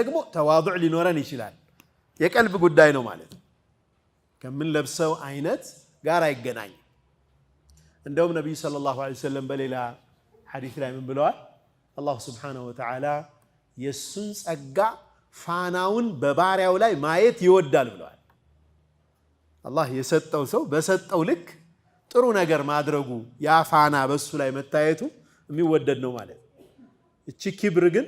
ደግሞ ተዋضዕ ሊኖረን ይችላል። የቀልብ ጉዳይ ነው ማለት ነው። ከምንለብሰው አይነት ጋር አይገናኝም። እንደውም ነቢዩ ሰለላሁ ዐለይሂ ወሰለም በሌላ ሐዲስ ላይ ምን ብለዋል? አላሁ ስብሓነሁ ወተዓላ የእሱን ጸጋ ፋናውን በባሪያው ላይ ማየት ይወዳል ብለዋል። አላህ የሰጠው ሰው በሰጠው ልክ ጥሩ ነገር ማድረጉ ያ ፋና በእሱ ላይ መታየቱ የሚወደድ ነው ማለት ነው። እቺ ኪብር ግን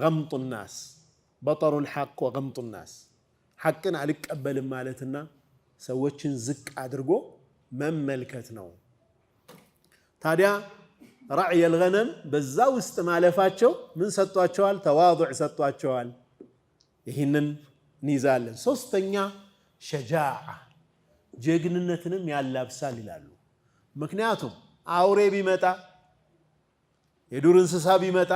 ገምጡ ናስ በጠሩል ሐቅ ወገምጡ ናስ ሐቅን አልቀበልም ማለትና ሰዎችን ዝቅ አድርጎ መመልከት ነው። ታዲያ ራዕየል ገነም በዛ ውስጥ ማለፋቸው ምን ሰጥቷቸዋል? ተዋዱዕ ሰጥቷቸዋል። ይህንን እንይዛለን። ሶስተኛ ሸጃዓ ጀግንነትንም ያላብሳል ይላሉ። ምክንያቱም አውሬ ቢመጣ የዱር እንስሳ ቢመጣ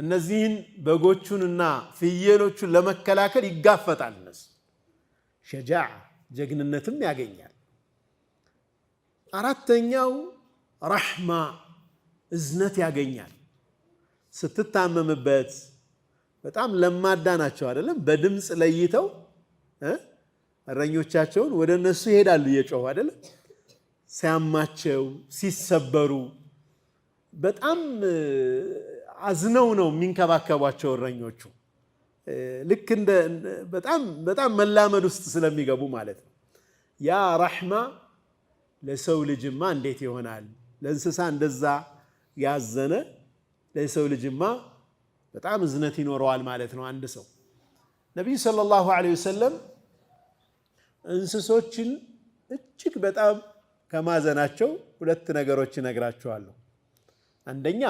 እነዚህን በጎቹንና ፍየሎቹን ለመከላከል ይጋፈጣል። እነሱ ሸጃዕ ጀግንነትም ያገኛል። አራተኛው ረሕማ እዝነት ያገኛል። ስትታመምበት በጣም ለማዳ ናቸው አይደለም? በድምፅ ለይተው እረኞቻቸውን ወደ እነሱ ይሄዳሉ እየጮሁ አይደለም? ሲያማቸው ሲሰበሩ በጣም አዝነው ነው የሚንከባከቧቸው እረኞቹ። ልክ እንደ በጣም መላመድ ውስጥ ስለሚገቡ ማለት ነው። ያ ረሕማ ለሰው ልጅማ እንዴት ይሆናል? ለእንስሳ እንደዛ ያዘነ ለሰው ልጅማ በጣም እዝነት ይኖረዋል ማለት ነው። አንድ ሰው ነቢዩ ሰለላሁ ዐለይሂ ወሰለም እንስሶችን እጅግ በጣም ከማዘናቸው ሁለት ነገሮች ይነግራቸዋለሁ። አንደኛ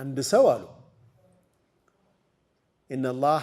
አንድ ሰው አሉ ኢነላህ